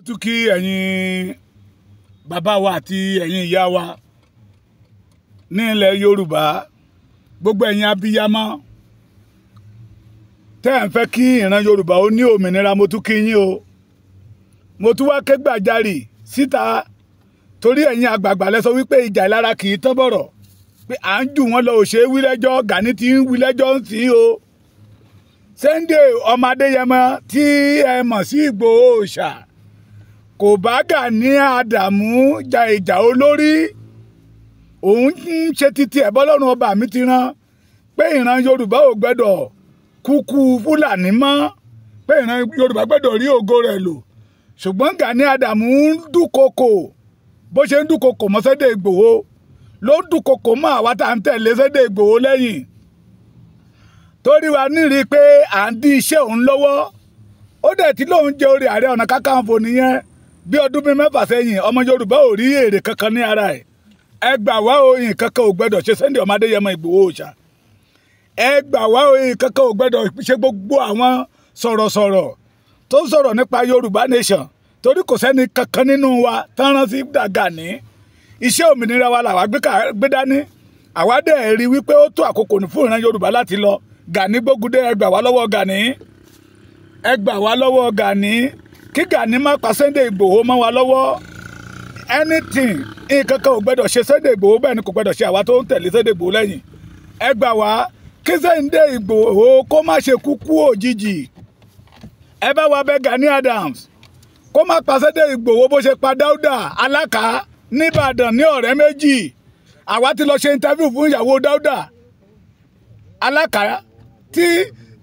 mo tún kí ẹ̀yin bàbá wa àti ẹ̀yin ìyá wa ní ilẹ̀ yorùbá gbogbo ẹ̀yin abiyamọ tẹ́ ẹ̀ ń fẹ́ kí ìran yorùbá ó ní òmìnira mo tún kí yín o mo tún wá ké gbàjarì síta torí ẹ̀yin àgbààgbà lẹ sọ wípé ìjà ìlara kì í tán bọ̀rọ̀ pé à ń jù wọ́n lọ ò ṣe é wílẹ́jọ́ Gani ti ń wílẹ́jọ́ ń sìn o Sunday ọmọ Adéyẹmọ tí ẹ mọ̀ sí Ìgbòho Òòṣà kò bá Gani Adams ja ìjà olórí òun ń ṣe titi ọba mi ti rán pé ìran Yorùbá ò gbẹ́dọ̀ kúkú Fúlàní mọ́ pé ìran Yorùbá gbẹ́dọ̀ rí ògo rẹ̀ lò ṣùgbọ́n ní Adams ń dúnkokò bó ṣe ń mọ́ ló ń mọ́ àwa tá à ń tẹ̀lé lẹ́yìn torí wa pé à ń bí ọdún bíi mẹ́fà sẹ́yìn ọmọ yorùbá ò rí èrè kankan ní ara ẹ̀ ẹ gbà wá òyìn kankan ò gbẹ́dọ̀ ṣe Sunday ọmọ Adéyẹmọ Ìgbòho Òòṣà ẹ gbà wá òyìn kankan ò gbẹ́dọ̀ ṣe gbogbo àwọn sọ̀rọ̀sọ̀rọ̀ tó ń sọ̀rọ̀ nípa yorùbá nation torí kò sẹ́ni kankan nínú wa tán rán sí Gani iṣẹ́ òmìnira wa làwa gbé dání àwa dẹ̀ rí wípé ó tó àkókò fún ìran yorùbá láti lọ Gani gbógun dé ẹ gbà wá lọ́wọ́ Gani ẹ wá lọ́wọ́ Gani kí Gani má pa Sunday Igboho mọ́ wa lọ́wọ́ anything nǹkan kan ò gbọ́dọ̀ ṣe Sunday Igboho bẹ́ẹ̀ ni kò gbọ́dọ̀ ṣe àwa tó ń tẹ̀lé Sunday Igboho lẹ́yìn ẹ gbà wá kí Sunday Igboho kó má ṣe kú kú òjijì ẹ bá wa bẹ̀ Gani Adams kó má pa Sunday Igboho bó ṣe pa Dáúdà Alákà nìbàdàn ní ọ̀rẹ́ méjì àwa ti lọ ṣe interview fún ìyàwó Dáúdà Alákà tí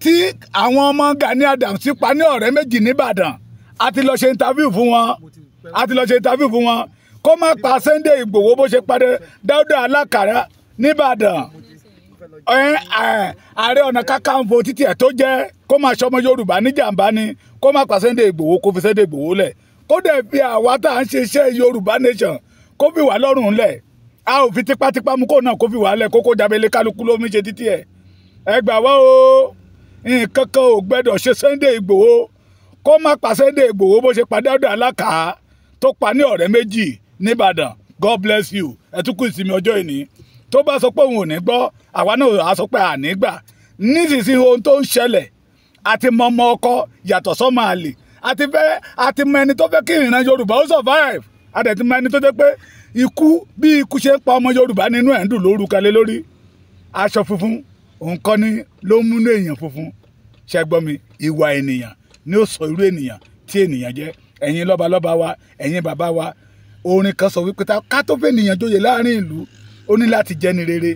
tí àwọn ọmọ Gani Adams ti pa ní ọ̀rẹ́ méjì nìbàdàn a ti lọ ṣe interview fún wọn a ti lọ ṣe interview fún wọn kó má pa Sunday Igboho bó ṣe padà Dáúdà Alákàrà nìbàdàn ààrẹ ọ̀nà kakanfò títí ẹ̀ tó jẹ́ kó máa ṣọmọ yorùbá níjàmbá ni kó máa pa Sunday Igboho kó fi Sunday Igboho lẹ̀ kó dẹ̀ fi àwa tá à ń ṣiṣẹ́ yorùbá nation kó fi wà lọ́rùn lẹ̀ a ò fi tipátipá mú kó náà kó fi wà lẹ̀ kókó jábẹ́lẹ́ kálukú ló mi ṣe títí ẹ̀ ẹ gbà wá o nǹkan kan ò gbẹ́dọ̀ ṣe Sunday Igboho kó má pa Sunday Ìgbòho bó ṣe pa Dáúdà Alákàá tó pa ní ọ̀rẹ́ méjì nìbàdàn God bless you ẹ tún kú ìsinmi ọjọ́ ìní tó bá sọ pé òun ò ní gbọ́ àwa náà á sọ pé àní gbà nísinsìnyí ohun tó ń ṣẹlẹ̀ àti mọmọ ọkọ yàtọ̀ sọ́mọ àlè àti fẹ́ àti mọ ẹni tó fẹ́ kí ìran Yorùbá ó survive àdẹ̀tí mọ ẹni tó jẹ́ pé ikú bí ikú ṣe ń pa ọmọ Yorùbá nínú ẹ̀ ń dùn lóru kalẹ̀ lórí aṣọ funfun òun kọ́ ni ló ń múnú èèyàn funfun ṣẹ́gbọ́n mi ìwà ènìyàn ni ó sọ irú ènìyàn tí ènìyàn jẹ́ ẹ̀yin lọ́balọ́ba wa ẹ̀yin bàbá wa orin kan sọ wípé ká tó fẹ́ ènìyàn joyè láàrin ìlú ó ní láti jẹni rere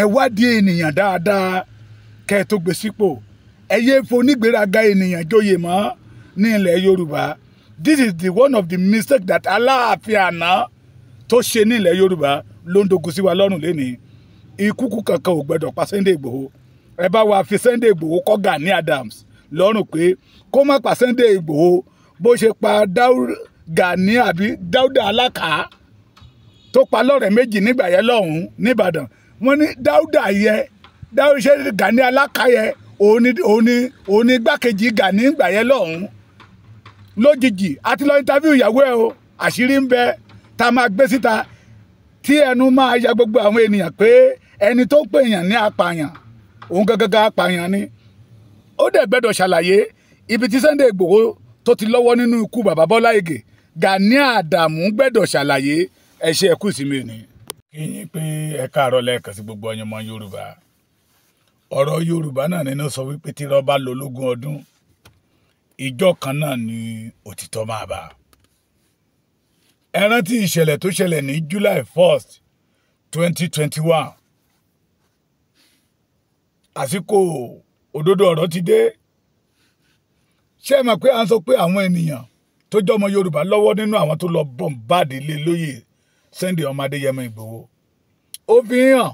ẹ wádìí ènìyàn dáadáa kẹ́ ẹ tó gbé sípò ẹ yé fonígbéraga ènìyàn joyè mọ́ ní ilẹ̀ Yorùbá this is the one of the mistake that Aláàfin àná tó ṣe ní ilẹ̀ Yorùbá ló ń dogun sí wa lọ́rùn lénìí ikúkú kankan ò gbẹdọ̀ pa Sunday Ìgbòho ẹ bá wa fi Sunday Ìgbòho kọ́ Gani Adams lọ́rùn pé kó má pa Sunday Ìgbòho bó ṣe pa Gani àbí Dáúdà Alákàá tó pa lọ́rẹ̀ méjì nígbà yẹn lọ́hùn-ún nìbàdàn wọ́n ní Dáúdà yẹ Dáúdà ṣe Gani Alákàá yẹ òun ni òun ni òun ni igbákejì Gani nígbà yẹn lọ́hùn-ún lójijì àti lọ interview ìyàwó ẹ o àṣírí ń bẹ tá a máa gbé síta tí ẹnu máa ya gbogbo àwọn ènìyàn pé ẹni tó pèèyàn ní apààyàn òun gangan apààyàn ni ó dẹ̀ gbẹ́dọ̀ ṣàlàyé ibi tí Sunday Igboho tó ti lọ́wọ́ nínú ikú bàbá Bọ́lá Ìgè Gani Adamu gbẹ́dọ̀ ṣàlàyé ẹ ṣé ẹkú ìsinmi ni. kí ni pé ẹ káàárọ̀ lẹ́ẹ̀kan sí gbogbo ọyàn ọmọ Yorùbá ọ̀rọ̀ Yorùbá náà nínú sọ wípé tí rọ́bà lọ lógún ọdún ìjọ kan náà ni òtítọ́ máa bá ẹ rántí ìṣẹ̀lẹ̀ tó ṣẹlẹ̀ ní July 1st 2021 àsìkò òdodo ọ̀rọ̀ ti dé ṣé ẹ mọ̀ pé à ń sọ pé àwọn ènìyàn tó jọmọ Yorùbá lọ́wọ́ nínú àwọn tó lọ bọ̀m̀báàdì lé lóye Sunday ọmọ Adéyẹmọ Ìgbòho ó fi hàn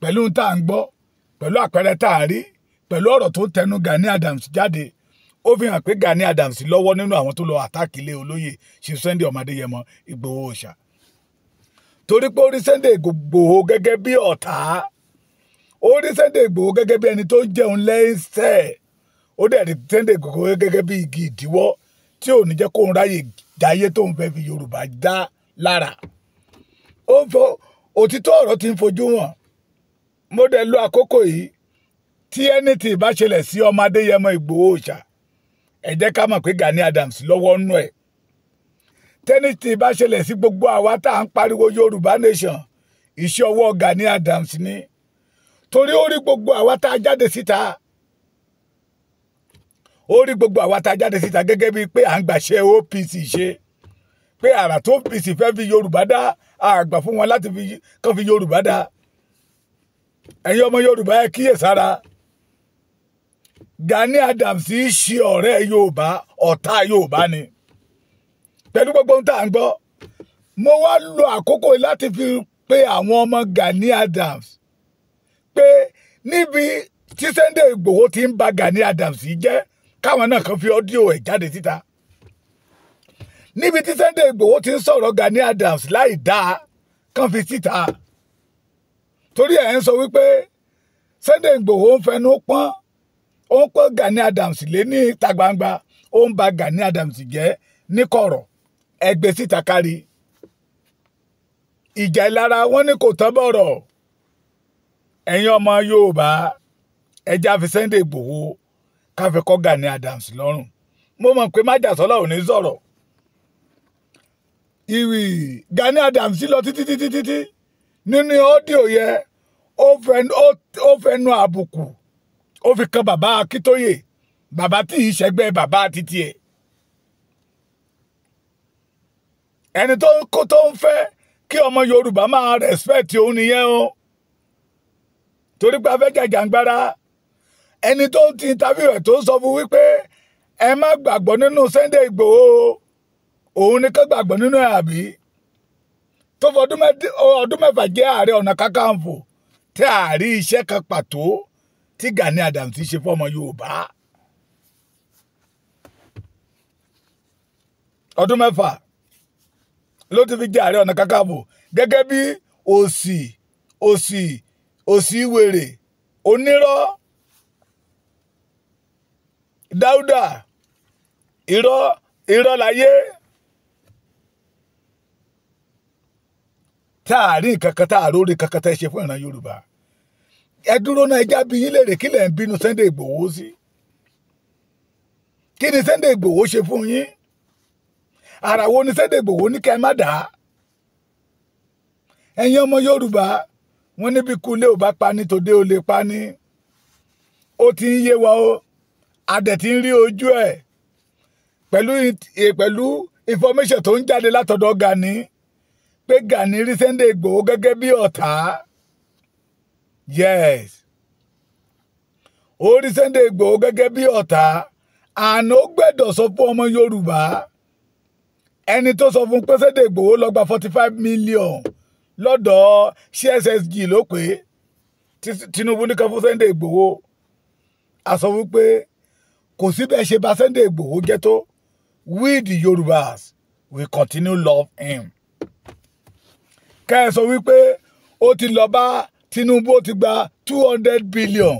pẹ̀lú tá à ń gbọ́ pẹ̀lú àpẹẹrẹ tá a rí pẹ̀lú ọ̀rọ̀ tó tẹnu Gani Adams jáde ó fi hàn pé Gani Adams lọ́wọ́ nínú àwọn tó lọ àtàkì ilé olóyè ṣe Sunday ọmọ Adéyẹmọ Ìgbòho ọ̀ṣà torí pé ó rí Ìgbòho gẹ́gẹ́ bí ọ̀tá ó rí Sunday Igboho gẹ́gẹ́ bí ẹni tó ń jẹun lẹ́sẹ̀ ó dẹ̀ rí Sunday Igboho gẹ́gẹ́ bí igi ìdíwọ́ tí ò ní jẹ́ kó ń ráyè jáyé tó ń fẹ́ fi Yorùbá dá lára ó ń fọ òtítọ́ ọ̀rọ̀ tí ń fojú hàn mo dẹ̀ lo àkókò yìí tí ẹni tí ìbá ṣẹlẹ̀ sí ọmọ Adéyẹmọ Ìgbòho Òòṣà ẹ jẹ́ ká mọ̀ pé Gani Adams lọ́wọ́ nú ẹ̀ tẹ́ni tí ìbá ṣẹlẹ̀ sí gbogbo àwa tá à ń pariwo Yorùbá nation iṣẹ́ ọwọ́ Gani Adams ni torí ó rí gbogbo àwa tá a jáde síta ó rí gbogbo àwa tá a jáde síta gẹ́gẹ́ bíi pé à ń gbàṣẹ OPC ṣe pé àrà tó OPC fẹ́ fi Yorùbá dá àgbà fún wọn láti fi kàn fi Yorùbá dá ẹ̀yin ọmọ Yorùbá ẹ kíyè sára Gani Adams í ṣe ọ̀rẹ́ Yorùbá ọ̀tá Yorùbá ni pẹ̀lú gbogbo ohun tá à ń gbọ́ mo wá lo àkókò láti fi pe àwọn ọmọ Gani Adams pé níbi tí Sunday Igboho ti ń ba Gani Adams jẹ́ káwọn náà kan fi ọ́díò ẹ̀ jáde síta níbi tí Sunday Igboho ti ń sọ̀rọ̀ Gani Adams láì dáa kan fi síta torí ẹ̀ ń sọ wípé Sunday Igboho ń fẹnu pọ́n ó ń pọ́n Gani Adams lé ní ìta gbangba ó ń ba Gani Adams jẹ́ ní kọ̀rọ̀ síta kárí ìjà ìlara wọn ni kò tán bọ̀rọ̀ ẹ̀yin ọmọ Yorùbá ẹja fi Sunday Igboho káfí kọ́ Gani Adams lọ́rùn mo mọ̀ pé májàsọ́lá ò ní sọ̀rọ̀ ìwì Gani Adams lọ títí títí títí nínú ọ́díò yẹ ó fẹnu àbùkù ó fi kan bàbá Akíntóyè bàbá tí ì ṣẹgbẹ́ bàbá títí ẹ̀ ẹni tó ń fẹ́ kí ọmọ Yorùbá máa respect òun nìyẹn o torí pé a fẹ́ jẹ jàǹgbára ẹni tó ti interview ẹ̀ tó sọ fún wípé ẹ má gbàgbọ́ nínú Sunday Igboho òun ni ká gbàgbọ́ nínú ẹ̀ àbí tó fọ ọdún mẹ́fà jẹ́ ààrẹ ọ̀nà kakanfò tí ààrí iṣẹ́ kan pàtó tí Gani Adams ṣe fọmọ Yorùbá ọdún mẹ́fà ló ti fi jẹ́ ààrẹ ọ̀nà kakanfò gẹ́gẹ́ bí òsì òsì òsíwèrè onírọ́ dáúdà irọ́ irọ́ láyé táàrin kankan kakata kankan kakata ṣe fún ìran yorùbá ẹ dúró náà ẹjá bí yín léèrè kí lè ń bínú Sunday Ìgbòho sí kí ni Sunday Ìgbòho ṣe fún yín ni Sunday ní wọ́n ní bí kulé ò bá pa ní tòde ò lè pa ní ó ti ń yé wa ó adẹ̀ ti ń rí ojú ẹ̀ pẹ̀lú eh, pẹ̀lú information tó ń jáde látọ̀dọ̀ Gani pé Gani rí Sunday Igboho gẹ́gẹ́ bí ọ̀tá yes ó rí Sunday Igboho gẹ́gẹ́ bí ọ̀tá àná ó gbẹ̀dọ̀ sọ fún ọmọ Yorùbá ẹni tó sọ fún pé Sunday Igboho forty five million lọ́dọ̀ CSSG ló pé Tinubu ní kan fún Sunday Igboho a sọ wípé kò sí bẹ́ẹ̀ ṣe bà Sunday Igboho jẹ́ tó we the Yorùbás we continue love him. ká ẹ sọ wípé ó ti lọ bá Tinubu ó ti gba two hundred billion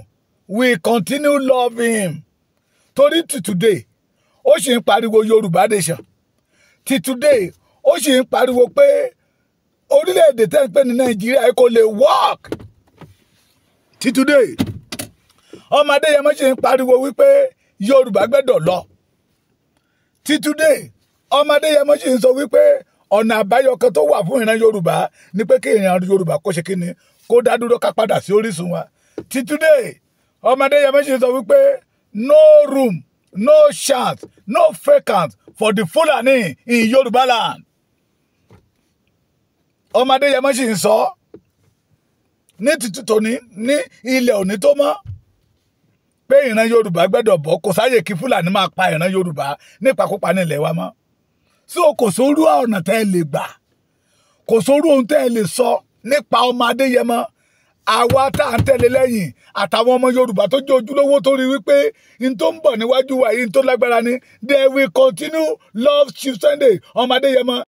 we continue love him torí to today ó sì ń pariwo Yorùbá nation to today ó sì ń pariwo pé orílẹ̀-èdè tẹ́ ń pè ní nàìjíríà kò lè work ti today ọmọ adéyẹmọ ń pariwo wípé yorùbá gbẹ́dọ̀ lọ ti today ọmọ adéyẹmọ ń sọ wípé ọ̀nà àbáyọ kan tó wà fún ìran yorùbá ni pé kí ìran yorùbá kó ṣe kíni kó dá dúró ká padà sí orísun wa ti today ọmọ adéyẹmọ ń sọ wípé no room no chance no vacant for the fulani in yorùbá land ọmọdé yẹmọ sì ń sọ ní títí tòní ní ilẹ̀ òní tó mọ́ pé ìran yorùbá gbẹ́dọ̀ bọ́ kò sáyè kí fúlàní máa pa ìran yorùbá nípakúpa nílẹ̀ wa mọ́ sí o kò sórú ọ̀nà tẹ́ ẹ lè gbà kò sórú ohun tẹ́ ẹ lè sọ nípa ọmọ adéyẹmọ àwa tá à ń tẹ̀lé lẹ́yìn àtàwọn ọmọ yorùbá tó jẹ́ ojúlówó tó rí wípé n tó ń bọ̀ níwájú wa yìí n tó lágbára ni they will continue love chief sunday ọmọ adéyẹmọ